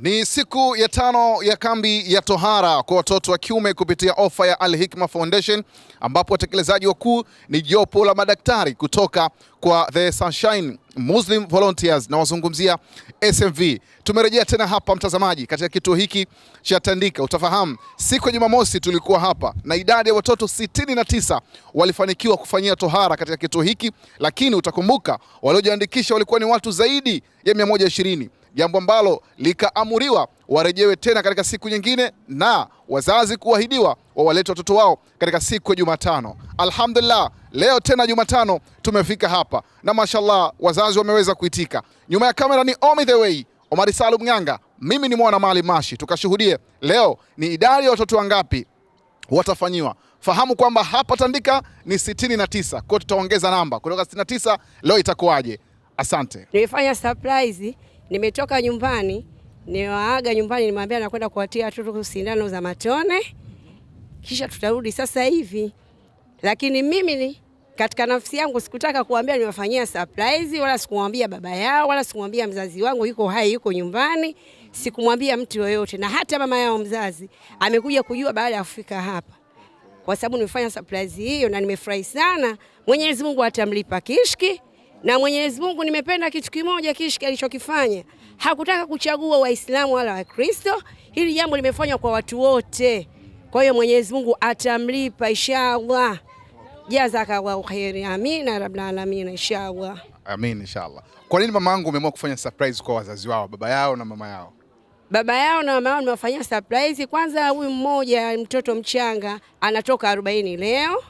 Ni siku ya tano ya kambi ya tohara kwa watoto wa kiume kupitia ofa ya Al Hikma Foundation ambapo watekelezaji wakuu ni jopo la madaktari kutoka kwa The Sunshine Muslim Volunteers na wazungumzia SMV. Tumerejea tena hapa mtazamaji, katika kituo hiki cha Tandika. Utafahamu siku ya Jumamosi tulikuwa hapa na idadi ya watoto 69 walifanikiwa kufanyia tohara katika kituo hiki, lakini utakumbuka waliojiandikisha walikuwa ni watu zaidi ya 120 jambo ambalo likaamuriwa warejewe tena katika siku nyingine, na wazazi kuahidiwa wawalete watoto wao katika siku ya Jumatano. Alhamdulillah, leo tena Jumatano tumefika hapa na mashallah, wazazi wameweza kuitika. Nyuma ya kamera ni Omi the way Omari Salum Ng'anga, mimi ni mwana Mali Mashi. Tukashuhudie leo ni idadi ya watoto wangapi watafanyiwa. Fahamu kwamba hapa Tandika ni sitini na tisa, kwa tutaongeza namba kutoka sitini na tisa, leo itakuwaje? Asante. Tulifanya surprise Nimetoka nyumbani niwaaga nyumbani, nimwambia nakwenda kuwatia watoto sindano za matone, kisha tutarudi sasa hivi. Lakini mimi katika nafsi yangu sikutaka kuambia niwafanyia surprise, wala sikumwambia baba yao, wala sikumwambia mzazi wangu yuko hai, yuko nyumbani, sikumwambia mtu yoyote, na hata mama yao mzazi amekuja kujua baada ya kufika hapa, kwa sababu nimefanya surprise hiyo na nimefurahi sana. Mwenyezi Mungu atamlipa kishki na Mwenyezi Mungu nimependa kitu kimoja kishi alichokifanya, hakutaka kuchagua Waislamu wala Wakristo. Hili jambo limefanywa kwa watu wote, kwa hiyo Mwenyezi Mungu atamlipa inshallah. wa khairi. amina rabbil alamin, inshallah. Amin, inshallah. Kwa nini mama yangu umeamua kufanya surprise kwa wazazi wao, baba yao na mama yao? Baba yao na mama yao nimewafanyia surprise. Kwanza huyu mmoja mtoto mchanga anatoka 40 leo,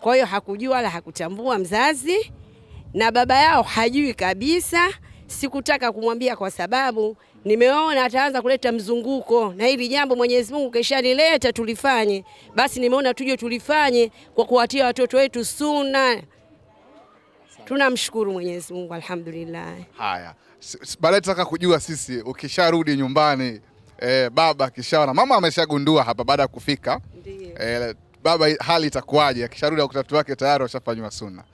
kwa hiyo hakujua wala hakutambua mzazi na baba yao hajui kabisa. Sikutaka kumwambia kwa sababu nimeona ataanza kuleta mzunguko, na hili jambo Mwenyezi Mungu keshalileta tulifanye. Basi nimeona tuje tulifanye kwa kuwatia watoto wetu suna. Tunamshukuru Mwenyezi Mungu, alhamdulillah. Haya, baadaye tutaka kujua sisi, ukisharudi nyumbani eh, baba akishaona mama ameshagundua hapa baada ya kufika eh, baba hali itakuwaje akisharudi? akutatu wake tayari washafanywa suna?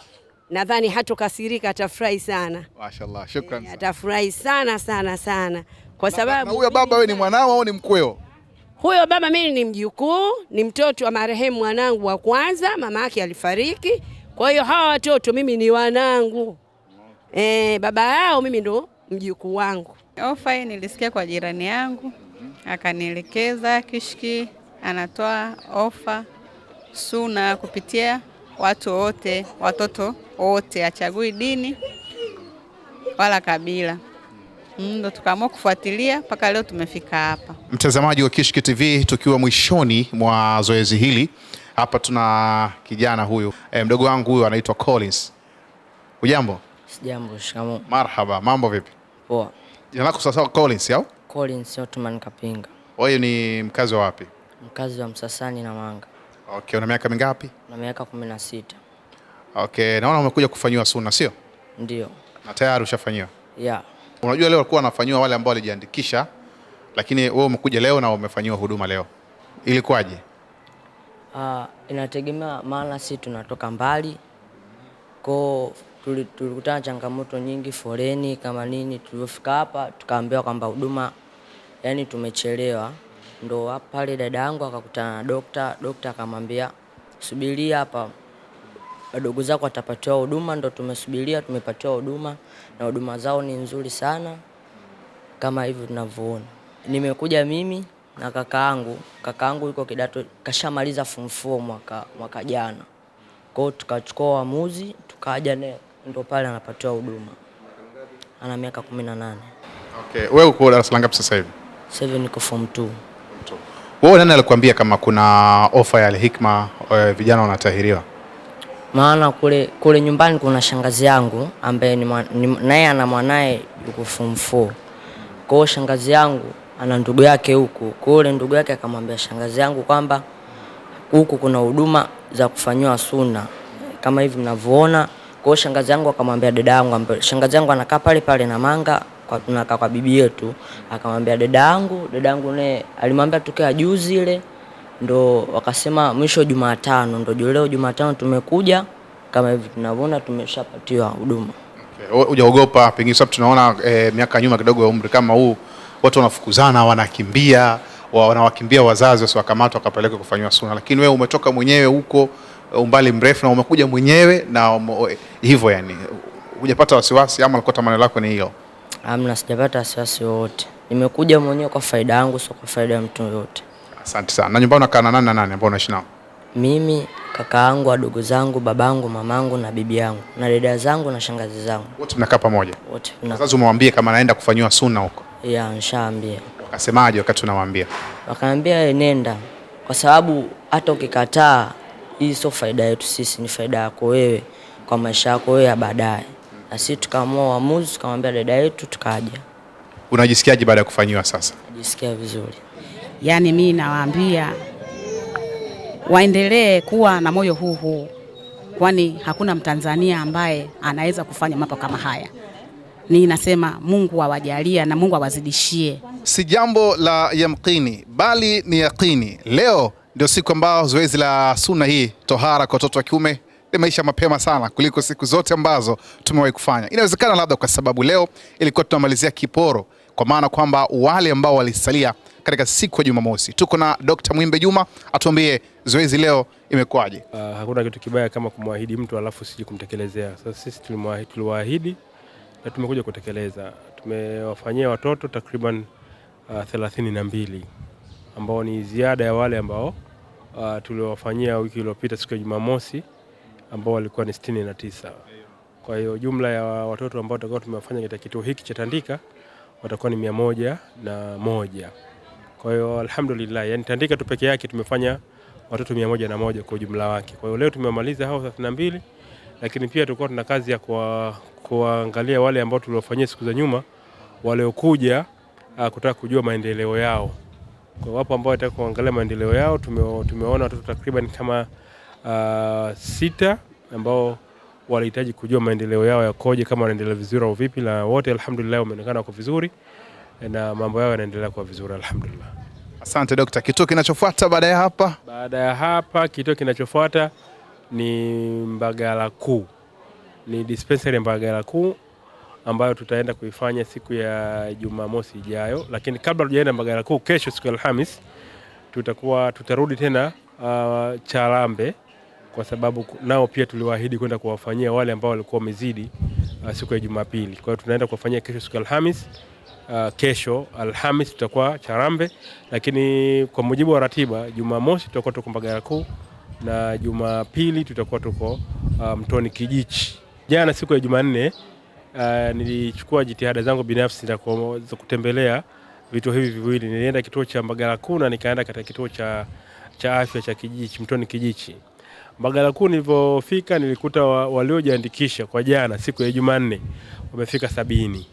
nadhani hatokasirika, atafurahi sana. Mashaallah, shukrani. E, eh, atafurahi sana sana sana kwa sababu huyo baba, wewe ni mwanao au ni mkweo? Huyo baba mimi ni mjukuu, ni mtoto wa marehemu mwanangu wa kwanza, mama yake alifariki. Kwa hiyo hawa watoto mimi ni wanangu e, baba yao mimi ndo mjukuu wangu. Ofa nilisikia kwa jirani yangu akanielekeza, kishki anatoa ofa Suna kupitia watu wote, watoto wote, achagui dini wala kabila. Mm, ndo tukaamua kufuatilia mpaka leo tumefika hapa. Mtazamaji wa Kishki TV, tukiwa mwishoni mwa zoezi hili hapa, tuna kijana huyu e, mdogo wangu huyu anaitwa Collins. Ujambo? Sijambo. Shikamo. Marhaba. Mambo vipi? Poa. Jina lako sasa Collins au? Collins Othman Kapinga. Wewe ni mkazi wa wapi? Mkazi wa Msasani na Manga. Okay, una miaka mingapi? Na miaka kumi na sita. Okay, naona umekuja kufanyiwa suna sio? Ndio. Na tayari ushafanyiwa? Yeah. Unajua leo alikuwa wanafanyiwa wale ambao walijiandikisha, lakini wewe umekuja leo na umefanyiwa huduma leo, ilikuwaje? Uh, inategemea, maana si tunatoka mbali koo, tulikutana changamoto nyingi, foreni kama nini. Tulivyofika hapa tukaambiwa kwamba huduma, yani tumechelewa ndo pale dada yangu akakutana na dokta. Dokta akamwambia subiria hapa, wadogo zako watapatiwa huduma. Ndo tumesubiria tumepatiwa huduma, na huduma zao ni nzuri sana kama hivyo tunavyoona. Nimekuja mimi na kaka yangu, kaka yangu yuko kidato, kashamaliza form 4 mwaka mwaka jana. Kwa hiyo tukachukua uamuzi tukaja naye, ndo pale anapatiwa huduma. Ana miaka 18. Okay, wewe uko darasa la ngapi sasa hivi? Sasa hivi niko form 2. Wewe nani alikwambia kama kuna ofa ya Al-Hikma eh, vijana wanatahiriwa? Maana kule kule nyumbani kuna shangazi yangu ambaye naye ana mwanaye yuko form 4. Kwa hiyo shangazi yangu ana ndugu yake huku. Kwa hiyo ndugu yake akamwambia shangazi yangu kwamba huku kuna huduma za kufanyiwa suna kama hivi mnavyoona. Kwa hiyo shangazi yangu akamwambia dada yangu ambaye shangazi yangu anakaa pale pale na manga tunakaa kwa bibi yetu, akamwambia dadangu, dadangu naye alimwambia tokea juzi ile, ndo wakasema mwisho Jumatano, ndo leo Jumatano tumekuja kama hivi tunavyoona, tumeshapatiwa huduma. Hujaogopa? Okay. Pengine sababu tunaona e, miaka nyuma kidogo ya umri kama huu watu wanafukuzana, wanakimbia, wanawakimbia wazazi wasiwakamatwa wakapelekwa kufanywa suna, lakini wewe umetoka mwenyewe huko eh, umbali mrefu na umekuja mwenyewe na eh, hivyo, yani hujapata wasiwasi ama alikuwa tamanio lako ni hiyo? Amna, sijapata wasiwasi wowote. Nimekuja mwenyewe kwa faida yangu, sio kwa faida ya mtu yoyote. Asante sana. Na nyumbani unakaa na nani na nani ambao unaishi nao? Mimi, kaka yangu, wadogo zangu, babangu, mamangu na bibi yangu na dada zangu na shangazi zangu. Wote mnakaa pamoja? Wote. Wazazi umwambie kama naenda kufanyiwa suna huko? Ya, nishaambia. Wakasemaje wakati unawaambia? Wakaambia eh, nenda, kwa sababu hata ukikataa hii sio faida yetu sisi, ni faida yako wewe kwa maisha yako wewe ya baadaye nasi tukaamua uamuzi, tukamwambia dada yetu, tukaja. Unajisikiaje baada ya kufanyiwa sasa? Najisikia vizuri. Yaani mi nawaambia waendelee kuwa na moyo huu huu, kwani hakuna Mtanzania ambaye anaweza kufanya mambo kama haya. Ni nasema Mungu awajalie na Mungu awazidishie. Si jambo la yamkini bali ni yaqini Leo ndio siku ambayo zoezi la suna hii tohara kwa watoto wa kiume ni maisha mapema sana kuliko siku zote ambazo tumewahi kufanya. Inawezekana labda kwa sababu leo ilikuwa tunamalizia kiporo, kwa maana kwamba wale ambao walisalia katika siku ya Jumamosi. Tuko na Dr. Mwimbe Juma atuambie zoezi leo imekuwaje. Uh, hakuna kitu kibaya kama kumwahidi mtu alafu sije kumtekelezea. Sasa sisi tuliwaahidi na tumekuja kutekeleza. Tumewafanyia watoto takriban ah, thelathini na mbili ambao ni ziada ya wale ambao uh, ah, tuliwafanyia wiki iliyopita siku ya Jumamosi ambao walikuwa ni sitini na tisa. Kwa hiyo jumla ya watoto ambao tutakuwa tumewafanya katika kituo hiki cha Tandika watakuwa ni mia moja na moja. Kwa hiyo alhamdulillah, yani Tandika tu peke yake tumefanya watoto mia moja na moja kwa ujumla wake. Kwa hiyo leo tumemaliza hao mbili, lakini pia tulikuwa tuna kazi ya kwa, kuangalia wale ambao tuliwafanyia siku za nyuma waliokuja ah, kutaka kujua maendeleo yao. Kwa wapo ambao wataka kuangalia maendeleo yao, tumewaona watoto takriban kama uh, sita ambao walihitaji kujua maendeleo yao yakoje, kama wanaendelea vizuri au vipi, na wote alhamdulillah wameonekana wako vizuri na mambo yao yanaendelea kwa vizuri alhamdulillah. Asante dokta. Kituo kinachofuata baada ya hapa, baada ya hapa kituo kinachofuata ni Mbagala Kuu, ni dispensary Mbagala Kuu ambayo tutaenda kuifanya siku ya Jumamosi ijayo, lakini kabla tujaenda Mbagala Kuu, kesho siku ya Alhamis tutakuwa tutarudi tena uh, Charambe kwa sababu nao pia tuliwaahidi kwenda kuwafanyia wale ambao walikuwa wamezidi uh, siku ya Jumapili. Kwa hiyo tunaenda kuwafanyia kesho siku ya Alhamis. Uh, kesho Alhamis tutakuwa Charambe, lakini kwa mujibu wa ratiba, Jumamosi tutakuwa tuko Mbagala Kuu na Jumapili tutakuwa tuko uh, Mtoni Kijichi. Jana siku ya Jumanne uh, nilichukua jitihada zangu binafsi za kutembelea vituo hivi viwili. Nilienda kituo cha Mbagala Kuu na nikaenda katika kituo cha, cha afya cha Kijichi, Mtoni Kijichi. Mbagala Kuu nilivyofika nilikuta wa, waliojiandikisha kwa jana siku ya Jumanne wamefika sabini,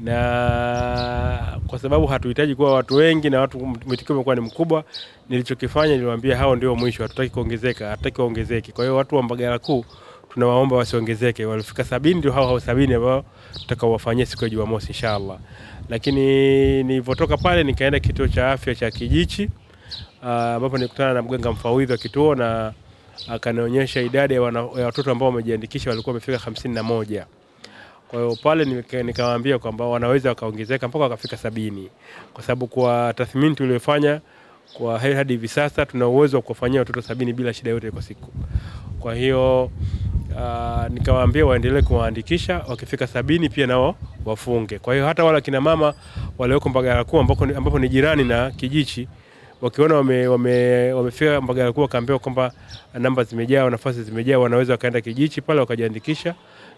na kwa sababu hatuhitaji kuwa watu wengi na watu mwitikio umekuwa ni mkubwa, nilichokifanya niliwaambia hao ndio mwisho, hatutaki kuongezeka, hatutaki waongezeke. Kwa hiyo watu wa Mbagala Kuu tunawaomba wasiongezeke, walifika sabini ndio hao hao sabini ambao tutakaowafanyia siku ya Jumamosi inshallah. Lakini nilivyotoka pale nikaenda kituo cha afya cha Kijichi ah, ambapo uh, nilikutana na mganga mfawidhi wa kituo na akanionyesha idadi ya watoto ambao wamejiandikisha walikuwa wamefika hamsini na moja. Kwa hiyo pale nikawaambia kwamba wanaweza wakaongezeka mpaka wakafika sabini, kwa sababu kwa tathmini tuliyofanya kwa hadi hivi sasa tuna uwezo wa kuwafanyia watoto sabini bila shida yote kwa siku. Kwa hiyo uh, nikawaambia waendelee kuwaandikisha, wakifika sabini pia nao wafunge. Kwa hiyo hata wale kina mama walioko Mbagala Kuu ambapo ni jirani na Kijichi wakiona wamefika wame, wame Mbagala Kuu wakaambiwa kwamba namba zimejaa, nafasi zimejaa, wanaweza wakaenda kijiji pale wakajiandikisha,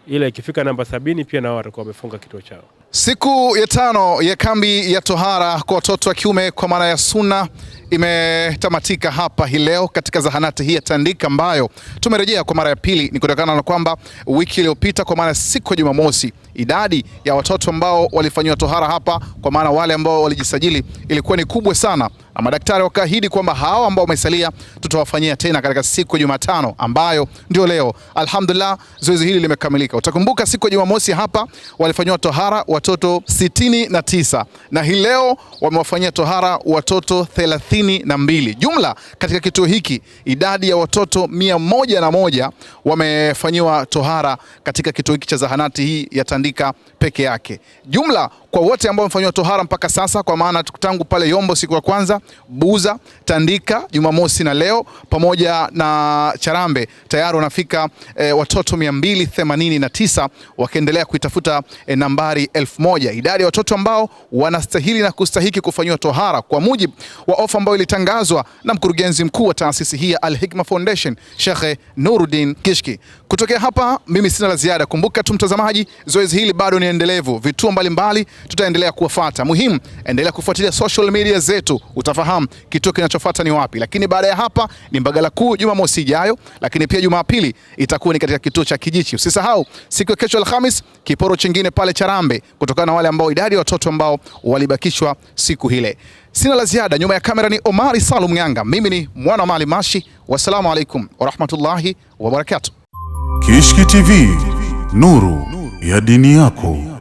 ila ikifika namba sabini pia nao watakuwa wamefunga kituo chao. Siku ya tano ya kambi ya tohara kwa watoto wa kiume kwa maana ya suna imetamatika hapa hii leo katika zahanati hii ya Tandika ambayo tumerejea kwa mara ya pili. Ni kutokana na kwamba wiki iliyopita kwa maana siku ya Jumamosi, idadi ya watoto ambao walifanyiwa tohara hapa, kwa maana wale ambao walijisajili, ilikuwa ni kubwa sana. Madaktari wakaahidi kwamba hao ambao wamesalia tutawafanyia tena katika siku ya Jumatano ambayo ndio leo. Alhamdulillah, zoezi hili limekamilika. Utakumbuka siku ya Jumamosi hapa walifanywa tohara watoto sitini na tisa na hii leo wamewafanyia tohara watoto thelathini na mbili. Jumla katika kituo hiki idadi ya watoto mia moja na moja wamefanyiwa tohara katika kituo hiki cha zahanati hii ya Tandika peke yake. Jumla kwa wote ambao wamefanywa tohara mpaka sasa, kwa maana tangu pale Yombo siku ya kwanza, Buza, Tandika Jumamosi na leo pamoja na Charambe tayari wanafika e, watoto 289 wakiendelea kuitafuta e, nambari elfu moja, idadi ya watoto ambao wanastahili na kustahiki kufanywa tohara kwa mujibu wa ofa ambayo ilitangazwa na mkurugenzi mkuu wa taasisi hii ya Al Hikma Foundation Sheikh Nuruddin Kishki. Kutokea hapa mimi sina la ziada. Kumbuka tu mtazamaji, zoezi hili bado ni endelevu, vituo mbalimbali tutaendelea kuwafuata. Muhimu, endelea kufuatilia social media zetu, utafahamu kituo kinachofuata ni wapi. Lakini baada ya hapa ni Mbagala Kuu Jumamosi ijayo, lakini pia Jumapili itakuwa ni katika kituo cha Kijichi. Usisahau siku ya kesho Alhamis, kiporo chingine pale Charambe, kutokana na wale ambao idadi ya watoto ambao walibakishwa siku hile. Sina la ziada. Nyuma ya kamera ni Omari Salum Nyanga, mimi ni mwana wa Mali Mashi. Wassalamu alaikum warahmatullahi wabarakatuh. Kishki TV Nuru ya dini yako.